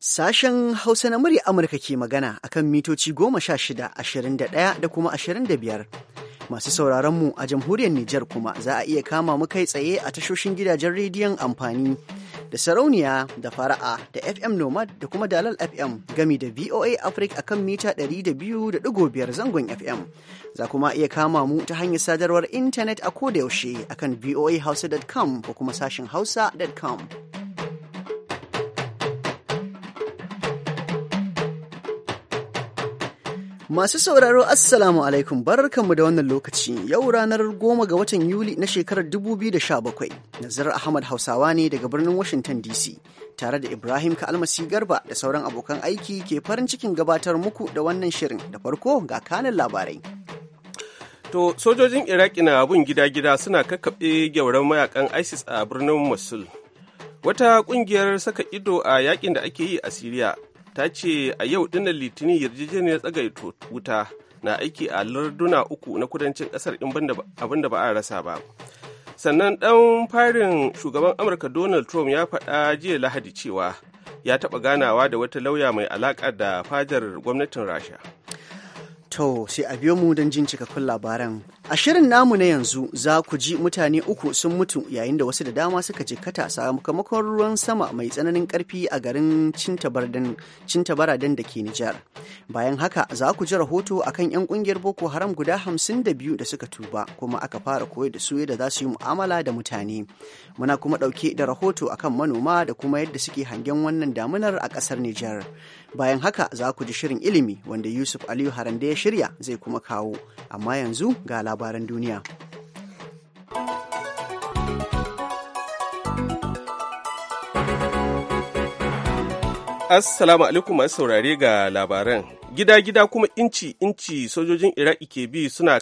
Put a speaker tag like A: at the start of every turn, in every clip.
A: Sashen Hausa na murya Amurka ke magana akan mitoci goma sha shida, ashirin da ɗaya da kuma ashirin da biyar. Masu sauraron mu a jamhuriyar Nijar kuma za a iya kama mu kai tsaye a tashoshin gidajen rediyon amfani da sarauniya da fara'a da FM Nomad da kuma Dalal FM gami da VOA Africa akan mita 200.5 zangon FM. Za kuma iya kama mu ta hanyar sadarwar intanet a yaushe akan voahausa.com ko kuma sashin hausa.com. Masu sauraro Assalamu alaikum barkanmu da wannan lokaci yau ranar goma ga watan Yuli na shekarar 2017 Nazar Ahmad Hausawa ne daga birnin Washington DC tare da Ibrahim Kalmasi Garba da sauran abokan aiki ke farin cikin gabatar muku da wannan shirin da farko ga kanin labarai.
B: To sojojin Iraki na abun gida-gida suna kakkaɓe gyauran mayakan ISIS a birnin Mosul. Wata ƙungiyar saka ido a yakin da ake yi a Siriya ta ce a yau dinnan litinin yarjejeniyar tsagaito wuta na aiki a larduna uku na kudancin kasar abin da ba a rasa ba sannan dan farin shugaban amurka donald trump ya faɗa jiya lahadi cewa ya taɓa ganawa da wata lauya mai alaƙa da fadar
A: gwamnatin rasha to sai a biyo mu don jin cikakkun labaran A shirin namu na yanzu za ku ji mutane uku sun mutu yayin da wasu da dama suka jikkata sakamakon ruwan sama mai tsananin karfi a garin Cintabaradan da ke Nijar. Bayan haka za ku ji rahoto a kan 'yan kungiyar Boko Haram guda hamsin da biyu da suka tuba kuma aka fara koyar da su yadda za su yi mu'amala da mutane. Muna kuma ɗauke da rahoto a kan manoma da kuma yadda suke hangen wannan damunar a ƙasar Nijar. Bayan haka za ku ji shirin ilimi wanda Yusuf Aliyu Harande ya shirya zai kuma kawo. Amma yanzu ga labaran duniya.
B: Assalamu alaikum masu saurare ga labaran. Gida-gida kuma inci-inci sojojin Iraki ke bi suna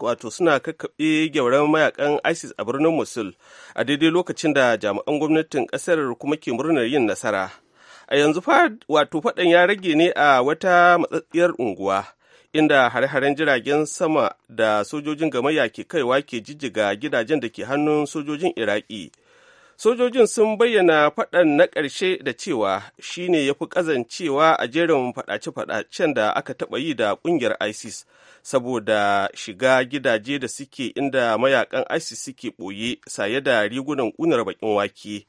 B: wato suna kakkaɓe gyauran mayakan ISIS a birnin Mosul a daidai lokacin da jami'an gwamnatin ƙasar kuma ke murnar yin nasara. A yanzu wato faɗan ya rage ne a wata matsatsiyar unguwa inda hare-haren jiragen sama da sojojin gamayya ke kaiwa ke jijjiga gidajen da ke hannun sojojin iraki sojojin sun bayyana faɗan na ƙarshe da cewa shi ne ya fi ƙazancewa a jerin faɗace-faɗacen da aka taɓa yi da ƙungiyar isis saboda shiga gidaje da suke inda mayakan isis suke ɓoye saye da rigunan ƙunar baƙin wake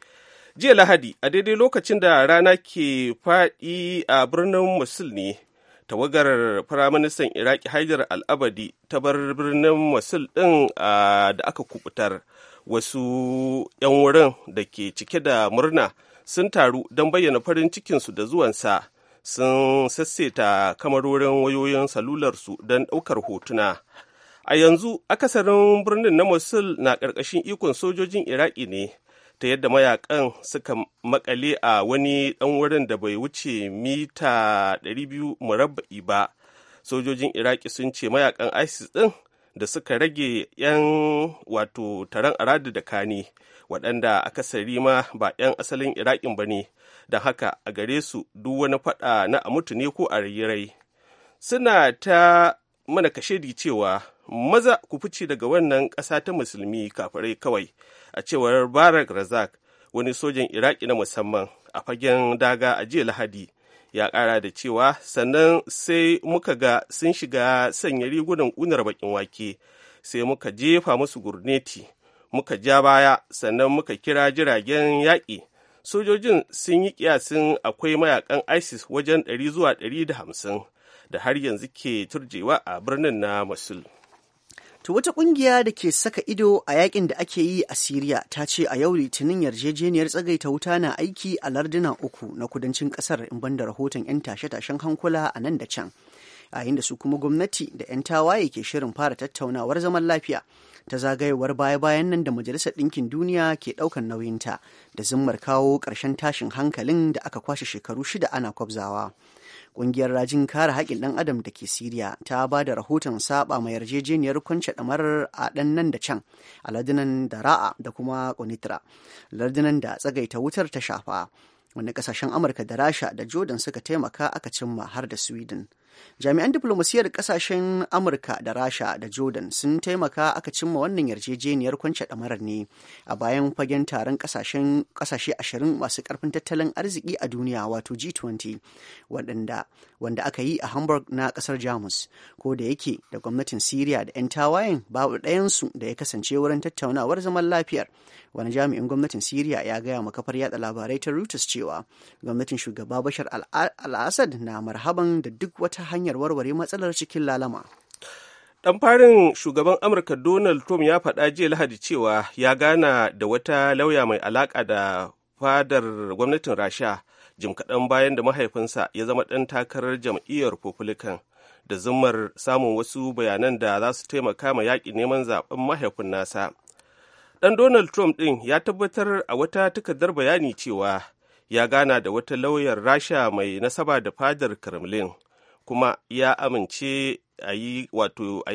B: jiya lahadi a daidai lokacin da rana ke faɗi a birnin musul ne tawagar firaministan iraki haidar al'abadi ta bar birnin masul ɗin da aka kubutar wasu 'yan wurin da ke cike da murna sun taru don bayyana farin cikinsu da zuwansa sun sasseta kamarorin wayoyin salularsu don ɗaukar hotuna a yanzu akasarin birnin na mosul na ƙarƙashin ikon sojojin iraki ne ta yadda mayakan suka makale a wani ɗan wurin da bai wuce mita 200 murabba'i ba sojojin iraki sun ce mayakan isis ɗin da suka rage 'yan wato taron aradu da kani waɗanda akasari ma ba 'yan asalin iraƙin ba ne don haka a gare su duk wani faɗa na a mutu ne ko a rayirai suna ta mana kashedi cewa maza ku fice daga wannan ƙasa ta musulmi kafirai kawai a cewar barak razak wani sojan iraki na musamman a fagen daga a jiya lahadi ya ƙara da cewa sannan sai muka ga sun shiga sanya rigunan ƙunar bakin wake sai muka jefa musu gurneti muka ja baya sannan muka kira jiragen yaƙi sojojin sun yi kiyasin akwai mayakan isis wajen 100 zuwa 150 da har yanzu ke turjewa a birnin na masul.
A: To wata kungiya da ke saka ido a yakin da ake yi a Siriya ta ce a yau litinin yarjejeniyar tsagaita wuta na aiki a larduna uku na kudancin kasar in banda rahoton 'yan tashe-tashen hankula a nan da can. yayin da su kuma gwamnati da 'yan tawaye ke shirin fara tattaunawar zaman lafiya ta zagayewar baya-bayan nan da majalisar ɗinkin duniya ke ɗaukar nauyinta da zimmar kawo ƙarshen tashin hankalin da aka kwashe shekaru shida ana kwabzawa. Ƙungiyar rajin kare haƙƙin ɗan adam da ke Siriya ta ba da rahoton saba mai yarjejeniyar kwance ɗamarar a ɗan nan da can a lardunan da ra'a da kuma Konitra, lardunan da tsagaita wutar ta shafa. Wani ƙasashen Amurka da Rasha da Jordan suka taimaka aka cimma har da Sweden. jami'an diflomasiyyar kasashen amurka da rasha da jordan sun taimaka aka cimma wannan yarjejeniyar kwance ɗamarar ne a bayan fagen taron kasashe ashirin masu karfin tattalin arziki a duniya wato g20 wanda, aka yi a hamburg na kasar jamus ko da yake da gwamnatin syria da 'yan tawayen babu ɗayansu da ya kasance wurin tattaunawar zaman lafiyar wani jami'in gwamnatin siriya ya gaya ma kafar yada labarai ta reuters cewa gwamnatin shugaba bashar al-assad na marhaban da duk wata hanyar warware matsalar cikin lalama dan farin shugaban amurka donald
B: trump ya faɗa jiya lahadi cewa ya gana da wata lauya mai alaƙa da fadar gwamnatin rasha jim kaɗan bayan da mahaifinsa ya zama ɗan takarar jam'iyyar republican da zumar samun wasu bayanan da za su taimaka ma yaƙi neman zaɓen mahaifin nasa dan Donald Trump ɗin ya tabbatar a wata takardar bayani cewa ya gana da wata lauyar Rasha mai nasaba da fadar Kremlin kuma ya amince a yi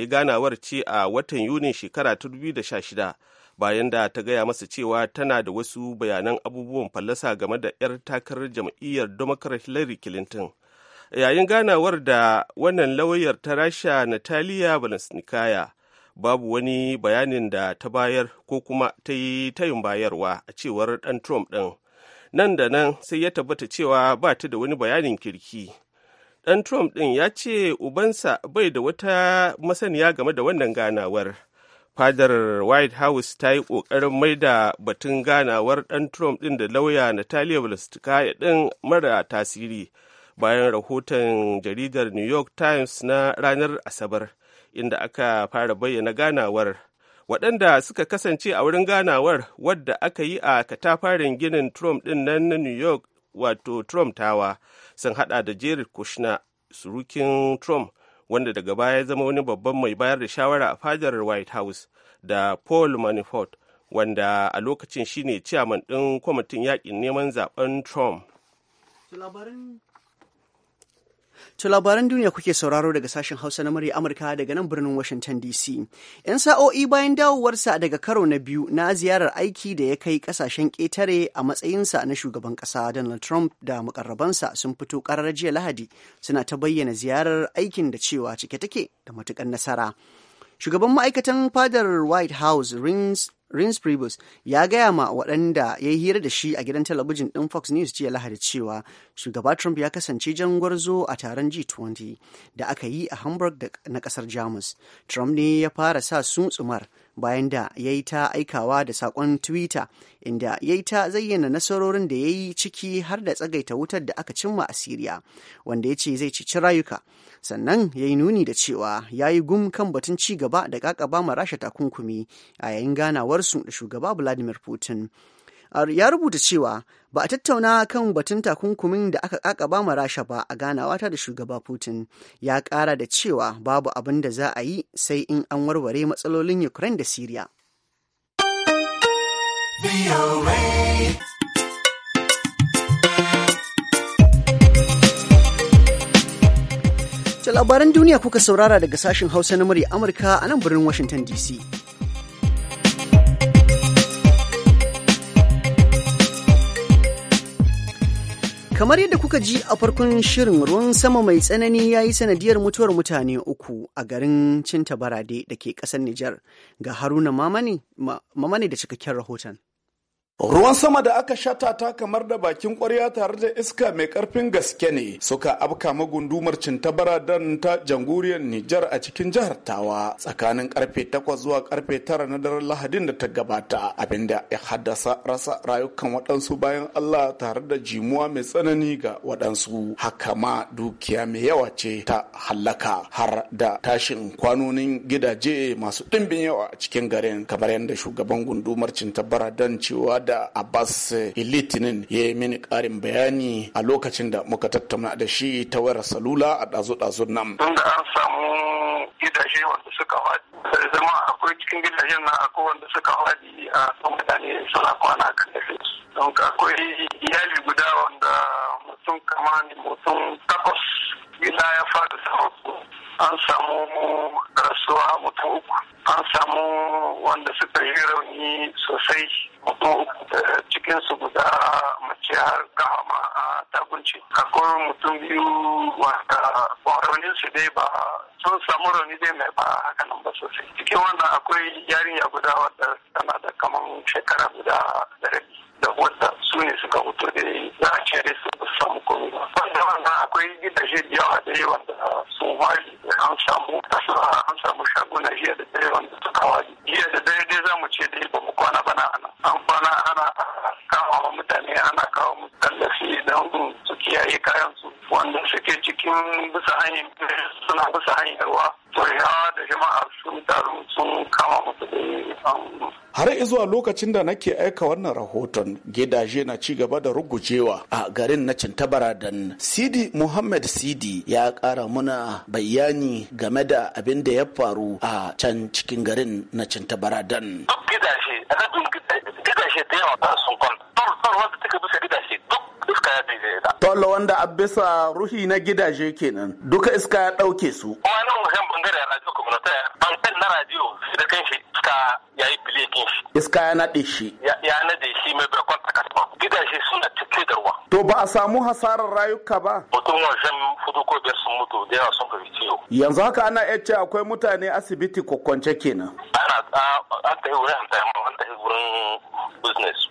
B: ganawar ce a watan Yuni shekara ta 2016 bayan da ta gaya masa cewa tana da wasu bayanan abubuwan fallasa game da 'yar takarar jam'iyyar Democrat Hillary Clinton. Yayin ganawar da wannan lauyar ta Rasha Natalia balasnikaya babu wani bayanin da ta bayar ko kuma ta yi tayin bayarwa a cewar ɗan Trump ɗin. Nan da nan sai ya tabbata cewa ba ta da wani bayanin kirki. Ɗan Trump ɗin ya ce ubansa bai da wata masaniya game da wannan ganawar. Fadar White House ta yi ƙoƙarin mai da batun ganawar ɗan Trump ɗin da lauya Natalia Velasquez ɗin mara tasiri bayan rahoton jaridar New York Times na ranar Asabar. inda aka fara bayyana ganawar waɗanda suka kasance a wurin ganawar wadda aka yi a katafarin ginin trump ɗin nan na new york wato trump tawa sun haɗa da jared kushner surukin trump wanda daga baya ya zama wani babban mai bayar da shawara a fadar white house da paul manafort wanda a lokacin shine ciyaman ɗin kwamitin yakin
A: neman zaben trump To labaran duniya kuke sauraro daga sashen Hausa na murya Amurka daga nan birnin Washington DC. 'Yan sa'o'i bayan dawowarsa daga karo na biyu na ziyarar aiki da ya kai kasashen ƙetare a matsayinsa na shugaban ƙasa Donald Trump da mukarrabansa sun fito ƙarar jiya Lahadi suna ta bayyana ziyarar aikin da cewa cike take da matuƙar nasara. Shugaban ma'aikatan fadar White House Rins Rince Priebus ya gaya ma waɗanda ya yi hira da shi a gidan talabijin ɗin Fox News jiya Lahadi cewa shugaba Trump ya kasance jan gwarzo a taron G20 da aka yi a Hamburg na ƙasar Jamus. Trump ne ya fara sa sun tsumar bayan da ya yi ta aikawa da saƙon Twitter inda ya yi ta zayyana nasarorin da ya yi ciki har da tsagaita wutar da aka cimma a Siriya wanda ya ce zai ci rayuka. sannan ya yi nuni da cewa ya yi gum kan batun ci gaba da kakaba ma rasha takunkumi a yayin ganawarsu da shugaba vladimir putin ya rubuta cewa ba a tattauna kan batun takunkumin da aka kakaba ma rasha ba a ganawa ta da shugaba putin ya kara da cewa babu abin da za a yi sai in an warware matsalolin ukraine da syria To labaran duniya kuka saurara daga sashen Hausa na murya Amurka a nan birnin Washington DC. Kamar yadda kuka ji a farkon shirin ruwan sama mai tsanani ya yi sanadiyar mutuwar mutane uku a garin Cinta Barade da ke ƙasar Nijar ga Haruna mamani da cikakken rahoton. Ruwan sama da aka shata ta
C: kamar da bakin kwarya tare da iska mai karfin gaske ne suka afka magundumar cintabara dan ta janguriyar Nijar a cikin jihar Tawa tsakanin karfe 8 zuwa karfe tara na daren Lahadin da ta gabata abinda ya haddasa rasa rayukan waɗansu bayan Allah tare da jimuwa mai tsanani ga waɗansu haka ma dukiya mai yawa ce ta hallaka har da tashin kwanonin gidaje masu ɗimbin yawa a cikin garin kamar yadda shugaban gundumar cintabara dan cewa da abbas litinin ya yi mini karin bayani a lokacin da muka tattauna da shi ta wayar salula a ɗazu-ɗazun nan tun da an samu gidaje wanda suka faɗi zama akwai cikin
D: gidajen na akwai wanda suka faɗi a kan mutane suna kwana kan don akwai iyali guda wanda mutum kama ne mutum takwas gida ya faɗi sama an samu rasuwa mutum uku an samu wanda suka yi rauni sosai mutum uku cikin cikinsu guda mace har kama a takunci akwai mutum biyu wanda raunin su dai ba sun samu rauni dai mai ba haka nan ba sosai cikin wannan akwai yarinya guda wadda tana da kaman shekara guda da rabi da wanda su ne suka mutu da yi za a ce dai sun samu komai ba wanda wanda akwai gidaje da yawa da yawa da sun wari an samu kasuwa an samu shaguna jiya da dare wanda suka wari jiya da dare dai za mu ce da ba mu kwana bana ana an kwana ana kawo mutane ana kawo mu tallafi don su kiyaye kayan su wanda suke cikin bisa hanyar suna bisa hanyar wa. to ya jama'a sun taru sun kama musu
C: da har zuwa lokacin da nake aika wannan rahoton gidaje na ci gaba da rugujewa a garin na cintabaradan sidi muhammad sidi ya kara muna bayani game da abin da ya faru a can cikin garin na cintabaradan duk
D: gidaje gidaje da yawa sun kwan tur wanda take bisa gidaje duk iska ya daidai
C: To Allah wanda a bisa ruhi na gidaje kenan duka iska ya ɗauke su. Kuma
B: nan wajen bangare a radio communitaire ban kan na radio da kan shi iska ya yi bile kin shi.
C: Iska ya naɗe shi.
B: Ya naɗe shi mai bakon takasma. Gidaje
C: suna cike da ruwa. To ba a samu hasarar rayuka ba. Mutum zan fudu ko biyar sun mutu
D: da yawa sun fi ciwo.
C: Yanzu haka ana iya ce akwai mutane asibiti kwakwance kenan. Ana an yi wurin an yi wurin business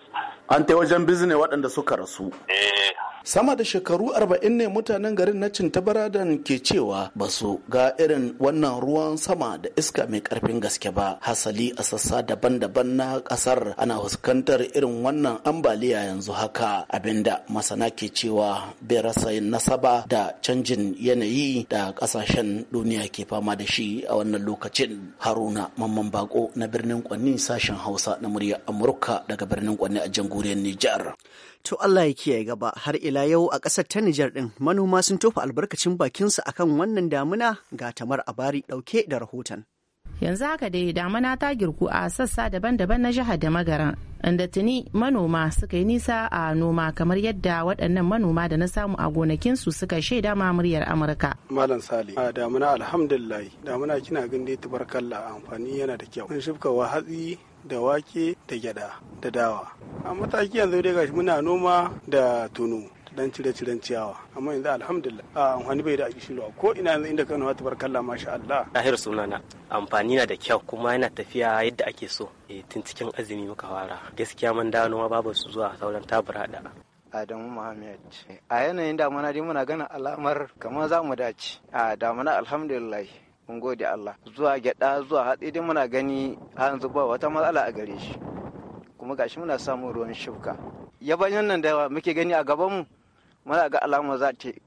C: an ta wajen bizne waɗanda suka rasu eh, sama da shekaru arba'in ne mutanen garin na cintabaradan ke cewa ba su ga irin wannan ruwan sama da iska mai karfin gaske ba hasali a sassa daban-daban na kasar ana fuskantar irin wannan ambaliya yanzu haka abinda masana ke cewa bai rasa nasaba da canjin yanayi da kasashen duniya ke fama da shi a wannan lokacin haruna mamman bako na birnin
A: kwanni sashen hausa na murya amurka daga birnin kwanni a jamhuriyar nijar To Allah ya kiyaye gaba har ila yau a ƙasar ta Nijar ɗin manoma sun tofa albarkacin bakinsu akan wannan damuna ga tamar a ɗauke da rahoton.
E: yanzu haka dai damana ta girku a sassa daban-daban na jihar da magaran inda tuni manoma suka yi nisa a noma kamar yadda waɗannan manoma da na samu a gonakinsu suka shaida ma muryar amurka
C: malam sale a damuna alhamdulillah damuna kina gan dai tabarkalla amfani yana da kyau an shifka wa hatsi da wake da gyada da dawa a mataki yanzu dai gashi muna noma da tunu dan cire-ciren ciyawa amma yanzu alhamdulillah a amfani bai da a kishilo ko ina
B: yanzu inda kano ta barkalla masha Allah tahir sunana amfani na da kyau kuma yana tafiya yadda ake so eh tun cikin azumi muka fara gaskiya man dano babu su zuwa sauran da.
F: Adamu Muhammad. A yanayin damuna dai muna ganin alamar kamar za mu dace. A damuna alhamdulillah mun gode Allah. Zuwa gyada zuwa hatsi dai muna gani an zuba wata matsala a gare shi. Kuma gashi muna samun ruwan shuka Yabanyan nan da muke gani a gabanmu muna ga alama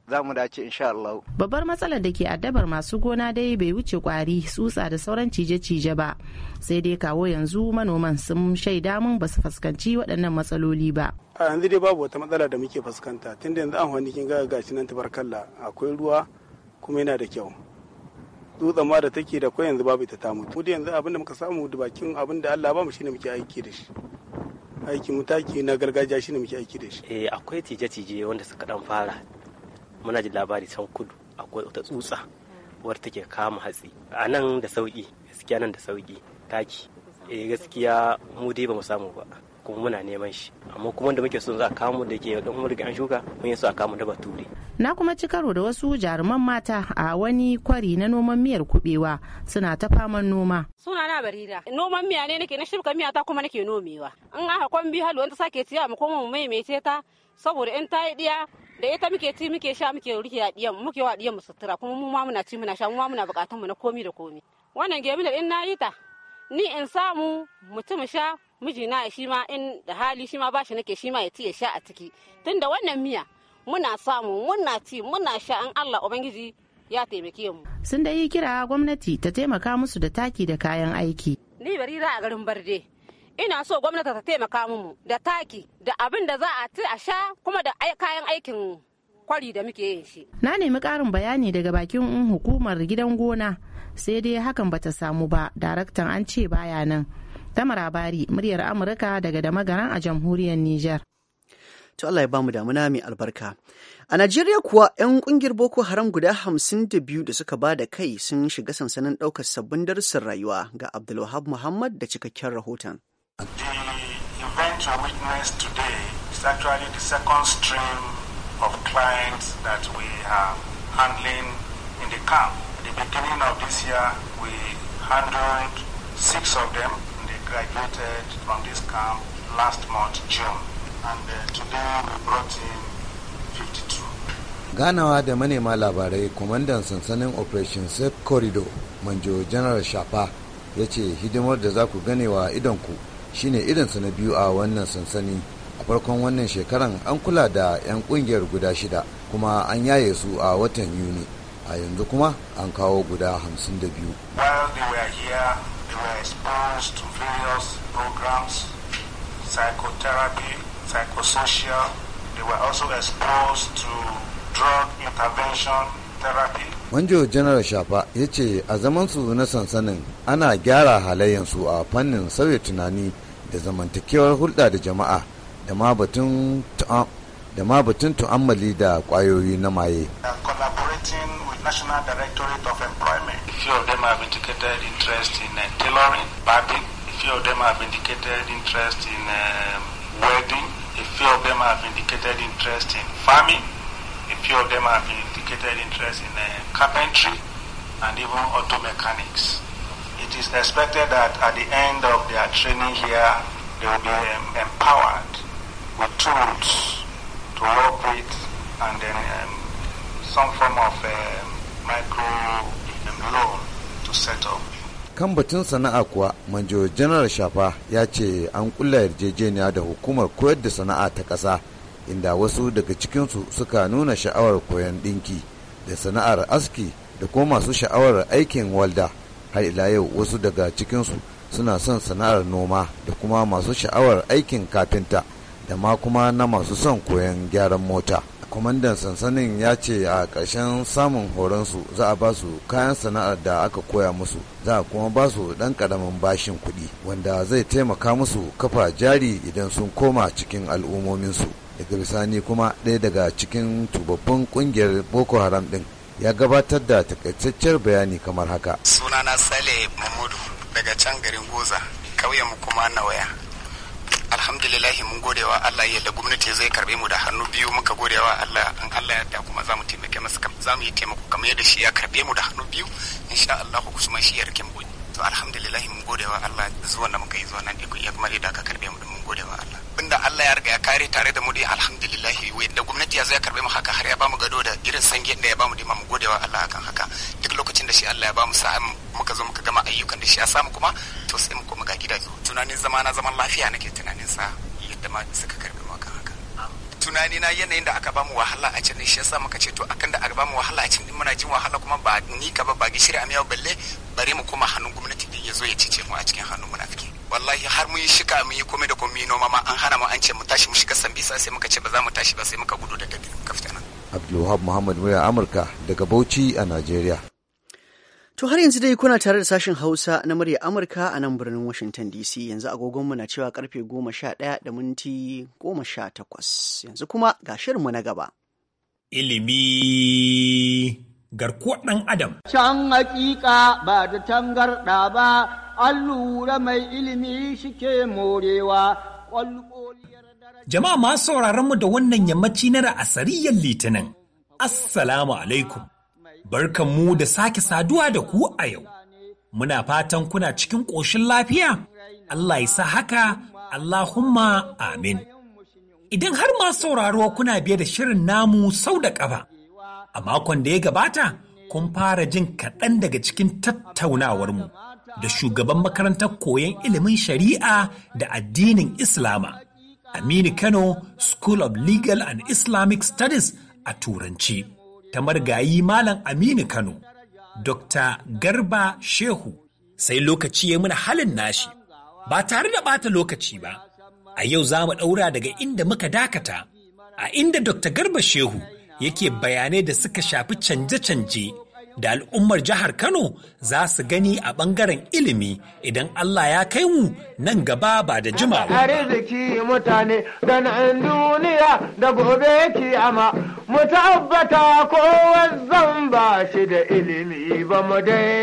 F: za mu dace insha Allah.
E: Babbar matsalar da ke addabar masu gona dai bai wuce kwari tsutsa da sauran cije-cije ba. Sai dai kawo yanzu manoman sun shaida mun ba su fuskanci waɗannan matsaloli ba.
C: A yanzu dai babu wata matsala da muke fuskanta tunda yanzu an wani kin ga gashi nan tabarkalla akwai ruwa kuma yana da kyau. Tsutsa ma da take da kwai yanzu babu ita ta mutu. Mu yanzu abin muka samu da bakin abin da Allah ba mu shine muke aiki da shi. aiki mu taki na gargajiya shine muke aiki da shi
B: eh akwai tije-tije wanda suka dan fara muna ji labari can kudu akwai wata tsutsa wadda take kama hatsi a nan da sauki gaskiya nan da sauki taki
G: eh gaskiya mu dai ba mu samu ba kuma muna neman shi amma kuma da muke so za a kamu da ke don riga an shuka mun yi so a kamu da bature
E: na kuma ci karo da wasu jaruman mata a wani kwari na noman miyar kubewa suna ta faman noma
H: suna na barira noman miya ne nake na shirka miya ta kuma nake nomewa in aka kwambi halu wanda sake ciya mu koma mu maimaice ta saboda in ta yi diya da ita muke ci muke sha muke rike a diyan muke wa diyan mu sutura kuma mu ma muna ci muna sha mu ma muna bukatun mu na komi da komi wannan gemilar in na yi ta ni in samu mutum sha mijina shi ma in da hali shi ma ba bashi nake shi ma ya ci ya sha a ciki tunda wannan miya muna samu muna ci muna sha an Allah ubangiji ya taimake mu
E: sun dai yi kira gwamnati ta taimaka musu da taki da kayan aiki
H: ni bari za a garin barde ina so gwamnati ta taimaka mu da taki da abin da za a ci a sha kuma da kayan aikin kwari da muke yin shi
E: na nemi karin bayani daga bakin hukumar gidan gona sai dai hakan bata samu ba daraktan an ce baya nan ta marabari muryar Amurka daga Damagaran a jamhuriyar Nijar. To Allah
A: ya bamu damuna mai albarka. A Najeriya kuwa 'yan kungiyar Boko Haram guda hamsin da biyu da suka ba da kai sun shiga sansanin ɗaukar sabbin darussan rayuwa ga Abdulwahab Muhammad da cikakken rahoton.
D: The event you witnessed today is actually the second stream of handling in the camp. At the beginning of this year, we handled six of them graduated from this camp last month, June, and uh, today we brought in
F: 52. Ganawa da manema labarai kwamandan sansanin Operation Safe Corridor, Manjo General Shafa, ya ce hidimar da za ku ganewa idonku shine irinsa na biyu a wannan sansani. A farkon wannan shekaran an kula da 'yan kungiyar guda shida kuma an yaye su a watan Yuni. A yanzu kuma an kawo guda hamsin da biyu.
D: While they were here, You were exposed to various programs, psychotherapy, psychosocial. They were also exposed to drug intervention therapy.
F: Manjo Janar Shafa ya ce a su na sansanin ana gyara halayensu a fannin sauya tunani da zamantakewar hulɗa da jama'a da ma batun da ma batun tu'ammali da kwayoyi na maye.
D: Collaborating with National Directorate of Employment few of them have indicated interest in uh, tailoring, barbing. A few of them have indicated interest in um, welding. A few of them have indicated interest in farming. A few of them have indicated interest in uh, carpentry and even auto mechanics. It is expected that at the end of their training here, they will be um, empowered with tools to work with and then um, some form of um, micro
F: kan batun sana'a kuwa manjo janar shafa ya ce an kulla yarjejeniya da hukumar koyar da sana'a ta ƙasa inda wasu daga cikinsu suka nuna sha'awar koyan ɗinki da sana'ar aski da kuma masu sha'awar aikin walda har ila yau wasu daga cikinsu suna son sana'ar noma da kuma masu sha'awar aikin kafinta da ma kuma na masu son koyon gyaran mota kwamandan sansanin ya ce a ƙarshen samun horonsu za a ba su kayan sana'ar da aka koya musu za a kuma ba su ɗan ƙaramin bashin kuɗi wanda zai taimaka musu kafa jari idan sun koma cikin al'ummominsu daga bisani kuma ɗaya daga cikin tubabbin ƙungiyar boko haram ɗin ya gabatar da takaitaccen bayani kamar haka
C: sunana sale mamudu daga can garin goza ƙauyenmu kuma na waya alhamdulillahi mun wa Allah yadda gwamnati zai karbe mu da hannu biyu muka wa Allah an Allah ya da kuma zamu taimake masa zamu yi taimako kamar yadda shi ya karbe mu da hannu biyu insha Allah kuma shi ya rike mu to alhamdulillah mun gode wa Allah zuwan da muka yi zuwa nan da ya kamar yadda aka karbe mu mun gode wa Allah Binda Allah ya riga ya kare tare da mu dai alhamdulillah da gwamnati ya zo ya karbe mu haka har ya bamu gado da irin sange da ya bamu dai mu gode wa Allah akan haka duk lokacin da shi Allah ya bamu sa'a muka zo muka gama ayyukan da shi ya samu kuma to sai mu koma ga gidaje tunanin zama na zaman lafiya nake tunanin sa yadda ma suka karbe mu akan haka tunani na yanayin da aka bamu wahala a can shi yasa muka ce to akan da aka bamu wahala a can din muna jin wahala kuma ba ni ka ba ba gishiri amiyawa balle bare mu kuma hannun gwamnati din ya zo ya cice mu a cikin hannun munafiki wallahi har mu yi shika mu yi komai da komai noma ma an hana mu an ce mu tashi mu shiga sambisa sai muka ce ba za mu
F: tashi ba sai muka gudu da dabi muka fita nan Abdulwahab Muhammad Murya Amurka daga Bauchi a Najeriya
A: To har yanzu dai kuna tare da sashen Hausa na murya Amurka a nan birnin Washington DC yanzu agogonmu na cewa karfe goma sha ɗaya da minti goma sha takwas yanzu kuma ga shirinmu na gaba.
G: Ilimi garkuwar ɗan adam.
A: Can hakika ba da tangarɗa ba, an lura mai ilimi shi ke morewa,
G: Jama'a ma sauraron mu da wannan yammaci na ra'asariyar litinin, Assalamu alaikum, barkan mu da sake saduwa da ku a yau. Muna fatan kuna cikin ƙoshin lafiya, Allah ya haka, Allahumma amin. Idan har masu sauraro kuna biye da shirin namu sau da ƙafa. A makon da ya gabata, kun fara jin kaɗan daga cikin tattaunawarmu da shugaban makarantar koyon ilimin shari'a da addinin Islama, Aminu Kano School of Legal and Islamic Studies a Turanci, ta margayi Malam Aminu Kano, Dr. Garba Shehu, sai lokaci ya muna halin nashi, ba tare da ɓata lokaci ba. A yau za mu ɗaura daga inda muka dakata, a inda Dr. Garba Shehu yake bayanai da suka shafi canje-canje da al'ummar jihar Kano za su gani a bangaren ilimi idan Allah ya kai mu nan gaba ba da jimawa. Arziki
F: mutane da nan duniya da gobe kiyama mu tabbata kowa zan ba shi da ilimi ba mu dai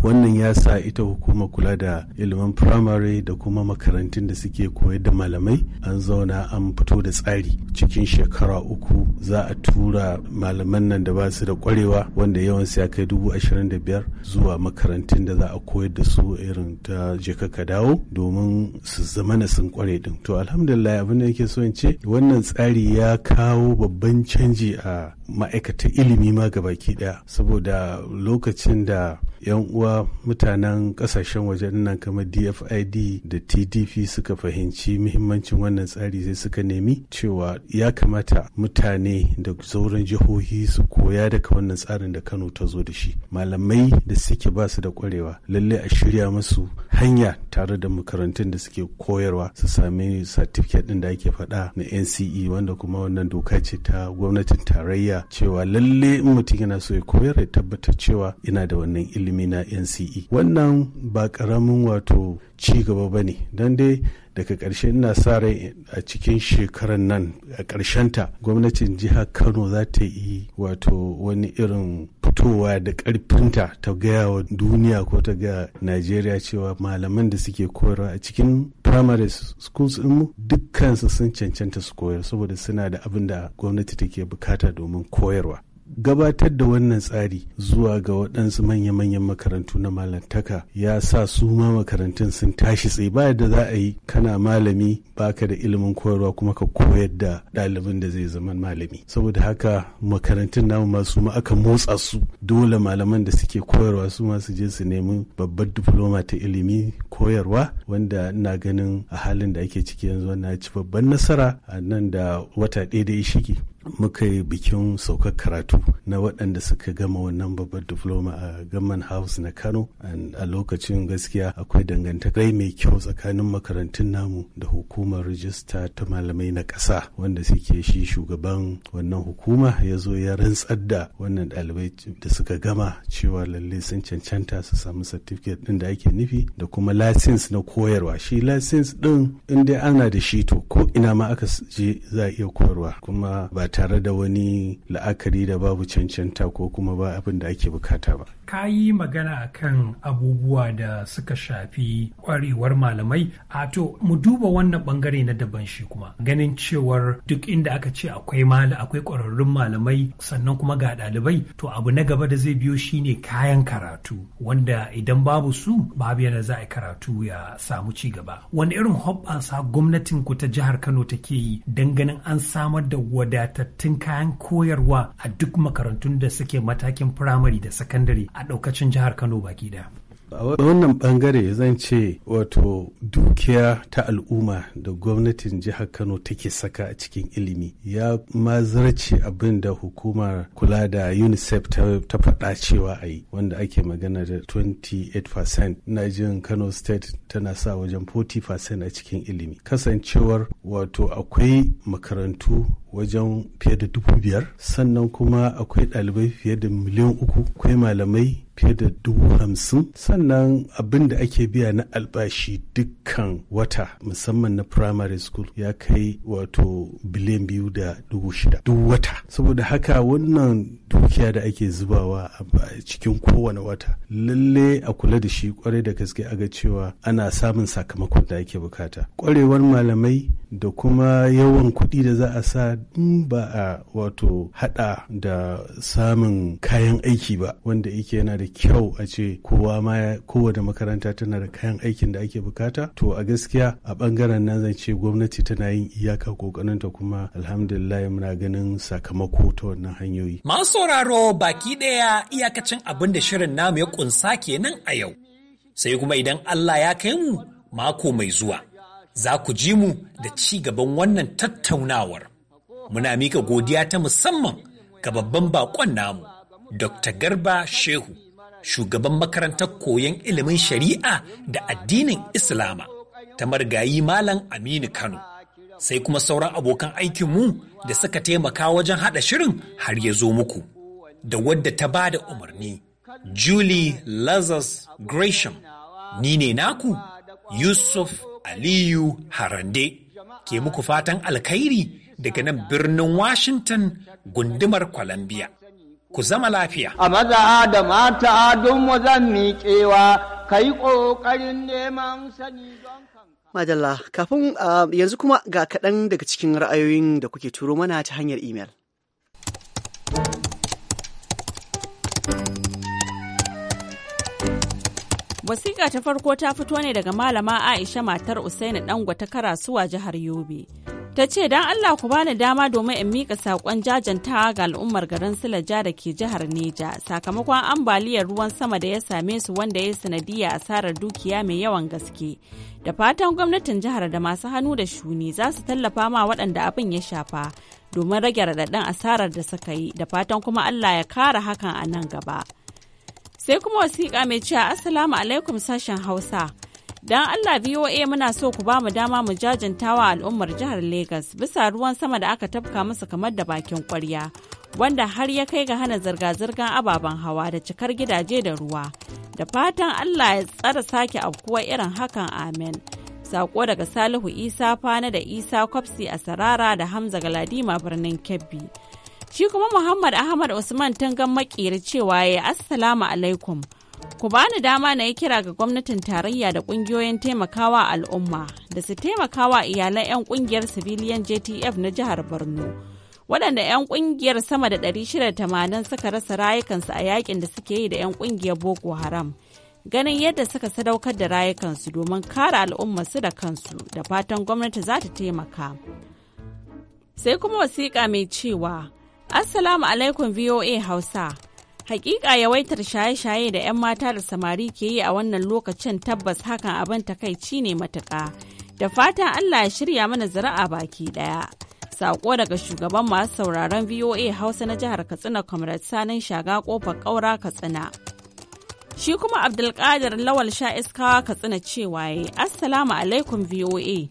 I: Wannan ya sa ita hukumar kula da ilimin firamare da kuma makarantun da suke koyar da malamai an zauna an fito da tsari cikin shekara uku za a tura malaman nan da ba su da ƙwari. arewa wanda yawansu ya kai dubu ashirin da biyar zuwa makarantun da za a koyar da su irin ta jeka ka dawo domin su zamana sun kware din to alhamdulillah abin da yake so in ce wannan tsari ya kawo babban canji a ma'aikatan ilimi ma gabaki daya saboda lokacin da 'yan uwa mutanen kasashen waje nan kamar dfid da tdp suka fahimci muhimmancin wannan tsari sai suka nemi cewa ya kamata mutane da sauran jihohi su koya daga wannan tsarin da kano ta zo da shi malamai da suke ba su da kwarewa lalle a shirya musu hanya tare da makarantun da suke koyarwa su sami satifiket din da ake faɗa na nce wanda kuma wannan doka ce ta gwamnatin tarayya cewa lalle in mutum yana so ya koyar ya tabbatar cewa ina da wannan ilimi ilimi na nce wannan ba karamin wato ci gaba ba ne don dai daga ƙarshe ina sa rai a cikin shekarar nan a ta gwamnatin jihar kano za ta yi wato wani irin fitowa da ƙarfinta ta gaya wa duniya ko ta ga najeriya cewa malaman da suke koyarwa a cikin primary schools mu dukkansu sun cancanta su koyar saboda suna da abin da gwamnati take bukata domin koyarwa gabatar da wannan tsari zuwa ga waɗansu manya-manyan makarantu na malantaka ya sa su ma makarantun sun tashi tsaye ba da za a yi kana malami baka da ilimin koyarwa kuma ka koyar da ɗalibin da zai zama malami saboda haka makarantun namu ma su ma aka motsa su dole malaman da suke koyarwa su ma su je su nemi babbar diploma ta ilimi koyarwa wanda ina ganin a halin da ake ciki yanzu na ci babban nasara a nan da wata ɗaya da ya shige muka yi bikin saukar karatu na waɗanda suka gama wannan babbar diploma a gaman house na kano a lokacin gaskiya akwai dangantakai mai kyau tsakanin makarantun namu da hukumar rijista ta malamai na ƙasa wanda suke shi shugaban wannan hukuma ya zo ya rantsar da wannan ɗalibai da suka gama cewa lalle sun cancanta su samu certificate ɗin da ake nufi da kuma lasins na koyarwa shi lasins ɗin in dai ana da shi to ko ina ma aka je za a iya koyarwa kuma ba tare da wani la'akari da babu cancanta ko kuma ba abin da ake bukata ba
G: ka yi magana kan abubuwa da suka shafi kwarewar malamai a to mu duba wannan bangare na daban shi kuma
I: ganin cewar
G: duk inda aka ce akwai mala akwai kwararrun malamai sannan kuma ga ɗalibai to abu na gaba da zai biyo shine kayan karatu wanda idan babu su babu yana za a karatu ya samu ci gaba wani irin hoɓɓasa gwamnatin ku ta jihar Kano take yi dan ganin an samar da wadatattun kayan koyarwa a duk makarantun da suke matakin firamare da sakandare a ɗaukacin jihar Kano baki ɗaya.
I: a wannan bangare zan ce wato dukiya ta al'umma da gwamnatin jihar kano take saka a cikin ilimi ya mazarci abin da hukumar kula da unicef ta faɗa cewa a yi wanda ake magana da 28% na jin kano state tana sa wajen 40% a cikin ilimi kasancewar wato akwai makarantu wajen fiye da dubu biyar sannan kuma akwai ɗalibai fiye da miliyan uku akwai malamai fiye da dubu hamsin sannan abin da ake biya na albashi dukkan wata musamman na primary school ya kai wato biliyan biyu da dubu shida duk wata saboda haka wannan dukiya da ake zubawa a cikin kowane wata lalle a kula da shi kwarai da gaske a ga cewa ana samun sakamakon da ake bukata kwarewar malamai da kuma yawan kuɗi da za a sa in ba a wato hada da samun kayan aiki ba wanda yake yana da kyau a ce kowa ma kowane makaranta tana da kayan aikin da ake bukata to a gaskiya a bangaren nan zan ce gwamnati tana yin iyaka kokarinta kuma alhamdulillah muna ganin sakamako ta wannan hanyoyi
G: masu sauraro baki daya iyakacin abin da shirin namu ya kunsa kenan a yau sai kuma idan Allah ya kai mu mako mai zuwa za ku ji mu da ci gaban wannan tattaunawar. Muna mika godiya ta musamman ga babban bakon namu, Dr. Garba Shehu, shugaban makarantar koyon ilimin shari'a da addinin Islama, ta margayi Malam Aminu Kano. Sai kuma sauran abokan aikinmu da suka taimaka wajen haɗa shirin har ya zo muku, da wadda ta ba da umarni, Julie Lazarus Gresham, ni ne naku, Yusuf Aliyu Harande ke muku fatan alkhairi daga nan birnin Washington gundumar Columbia. Ku zama lafiya.
C: A
A: maza da mata don mu zan miƙewa, ka yi ƙoƙarin neman
F: sani don
A: Madalla, kafin ah, yanzu kuma ga kaɗan daga cikin ra'ayoyin da kuke turo mana ta hanyar imel.
H: Wasiƙa ta farko ta fito ne daga malama Aisha matar Usaini Dangwa ta Karasuwa jihar Yobe. Ta ce don Allah ku bani dama domin in miƙa saƙon jajantawa ga al'ummar garin Silaja da ke jihar Neja sakamakon ambaliyar ruwan sama da ya same su wanda ya sanadiyya asarar dukiya mai yawan gaske. Da fatan gwamnatin jihar da masu hannu da shuni za su tallafa ma waɗanda abin ya shafa domin rage raɗaɗin asarar da suka yi da fatan kuma Allah ya kara hakan a nan gaba. Sai kuma wasiƙa mai cewa Assalamu alaikum sashen Hausa. Don Allah VOA muna so ku ba mu dama mu jajantawa al'ummar jihar Legas bisa ruwan sama da aka tafka musu kamar da bakin kwarya. Wanda har ya kai ga hana zirga-zirgar ababen hawa da cikar gidaje da ruwa. Da fatan Allah ya tsara sake afkuwa irin hakan amen. Sako daga Salihu Isa Fana da Isa Kwafsi a Sarara da Hamza Galadima birnin Kebbi. Shi kuma Muhammad Ahmad Usman Tangan makeri cewa ya Assalamu alaikum. Ku bani dama na yi kira ga gwamnatin tarayya da kungiyoyin taimakawa al'umma da su taimakawa iyalan 'yan kungiyar civilian JTF na jihar Borno. Waɗanda 'yan kungiyar sama da 680 suka rasa rayukansu a yakin da suke yi da 'yan kungiyar Boko Haram. Ganin yadda suka sadaukar da rayukansu domin kare al'ummarsu da kansu da fatan gwamnati za ta taimaka. Sai kuma wasiƙa mai cewa Assalamu alaikum VOA Hausa. Hakika yawaitar shaye-shaye da 'yan mata da samari ke yi a wannan lokacin tabbas hakan abin takaici ne matuƙa. Da fatan Allah ya shirya mana zira'a baki ɗaya. Sako daga shugaban masu sauraron VOA Hausa na jihar Katsina Comrade Sanin Shaga Kofar Ƙaura Katsina. Shi kuma Abdulkadir Lawal sha iskawa, Katsina cewa Assalamu alaikum VOA.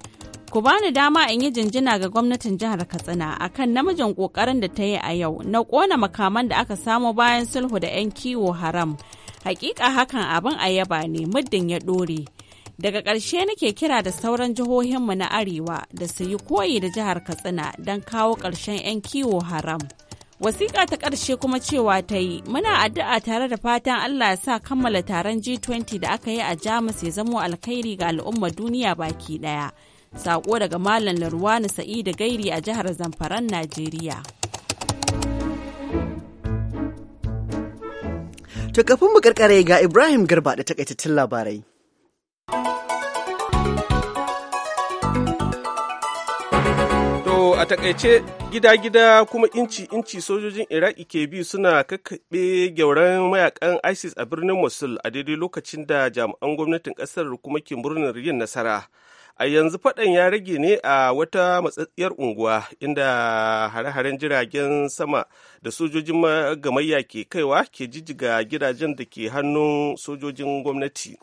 H: Ku bani dama in yi jinjina ga gwamnatin jihar Katsina akan namijin ƙoƙarin da ta yi a yau na ƙona makaman da aka samo bayan sulhu da 'yan kiwo haram. Hakika hakan abin a yaba ne muddin ya ɗore. Daga ƙarshe nake kira da sauran jihohinmu na Arewa da su yi koyi da jihar Katsina don kawo ƙarshen 'yan kiwo haram. Wasiƙa ta ƙarshe kuma cewa ta yi, muna addu'a tare da fatan Allah ya sa kammala taron G20 da aka yi a Jamus ya zamo alkhairi ga al'ummar duniya baki ɗaya. Sako daga Malam Larwani Sa'idu Gairi a jihar Zamfaran, Najeriya.
A: To kafin mu karkare ga Ibrahim Garba da takaitattun labarai.
B: To a takaice gida-gida kuma inci-inci sojojin Iraki ke bi suna kakkaɓe gyauran mayakan ISIS a birnin Mosul a daidai lokacin da jami'an gwamnatin ƙasar kuma ke murnar yin nasara. a yanzu faɗan ya rage ne a wata matsatsiyar unguwa inda hare-haren jiragen sama da sojojin gamayya ke kaiwa ke jijjiga gidajen da ke hannun sojojin gwamnati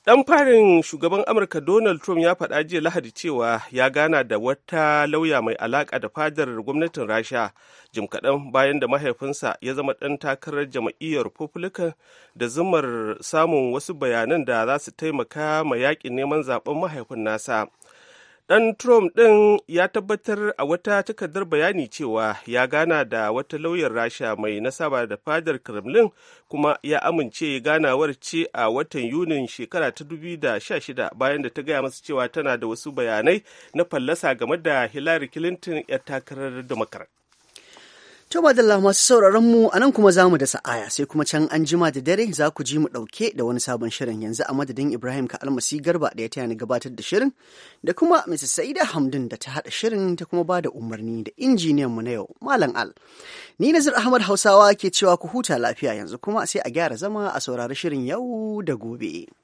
B: Dan farin shugaban Amurka Donald Trump ya faɗa jiya Lahadi cewa ya gana da wata lauya mai alaƙa da fadar gwamnatin Rasha jim kaɗan bayan da mahaifinsa ya zama ɗan takarar jam'iyyar Republican da zumar samun wasu bayanan da za su taimaka ma yaƙin neman zaɓen mahaifin nasa. Dan Trump ɗin ya tabbatar a wata takardar bayani cewa ya gana da wata lauyar Rasha mai nasaba da fadar Kremlin kuma ya amince ganawar ce a watan Yunin shekara ta 2016 bayan da ta gaya masa cewa tana da wasu bayanai na fallasa game da Hillary Clinton ya takarar da makarar.
A: To ba da masu sauraron mu a nan kuma za mu da sa'aya sai kuma can an jima da dare za ku ji mu ɗauke da wani sabon shirin yanzu a madadin Ibrahim ka almasi garba da ya taya ni gabatar da shirin da kuma Mrs. Sa'ida Hamdun da ta haɗa shirin ta kuma ba da umarni da injiniyan mu na yau Malam Al. Ni Nazir Ahmad Hausawa ke cewa ku huta lafiya yanzu kuma sai a gyara zama a saurari shirin yau da gobe.